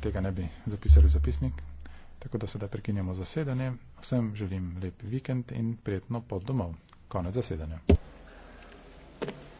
tega ne bi zapisali v zapisnik. Tako da sedaj prekinjamo zasedanje. Vsem želim lep vikend in prijetno pot domov. Konec zasedanja. Thank you.